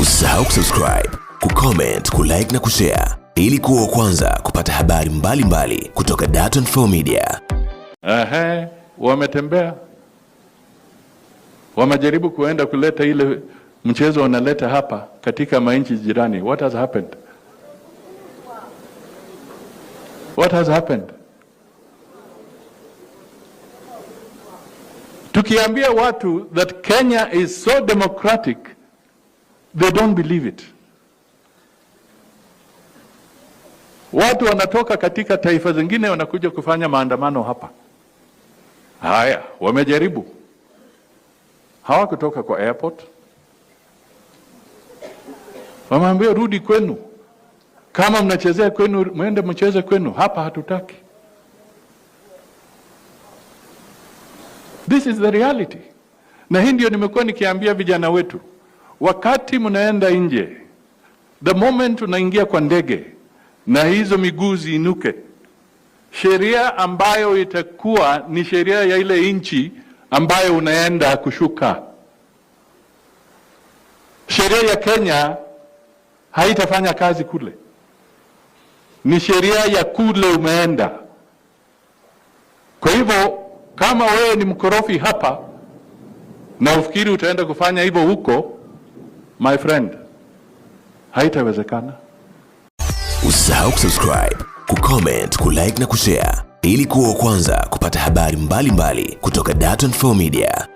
Usisahau kusubscribe, kucomment, kulike na kushare ili kuwa kwanza kupata habari mbalimbali mbali kutoka Dar24 Media. Aha, wametembea wamejaribu kuenda kuleta ile mchezo wanaleta hapa katika manchi jirani. What has happened? What has happened? Tukiambia watu that Kenya is so democratic They don't believe it. Watu wanatoka katika taifa zingine wanakuja kufanya maandamano hapa. Haya, wamejaribu, hawakutoka kwa airport, wameambia rudi kwenu, kama mnachezea kwenu mwende mcheze kwenu, hapa hatutaki. This is the reality, na hii ndio nimekuwa nikiambia vijana wetu Wakati mnaenda nje, the moment unaingia kwa ndege na hizo miguu ziinuke, sheria ambayo itakuwa ni sheria ya ile nchi ambayo unaenda kushuka. Sheria ya Kenya haitafanya kazi kule, ni sheria ya kule umeenda. Kwa hivyo kama wewe ni mkorofi hapa na ufikiri utaenda kufanya hivyo huko My friend, haitawezekana. Usisahau kusubscribe, kucomment, kulike na kushare ili kuwa wa kwanza kupata habari mbalimbali mbali kutoka Dar24 Media.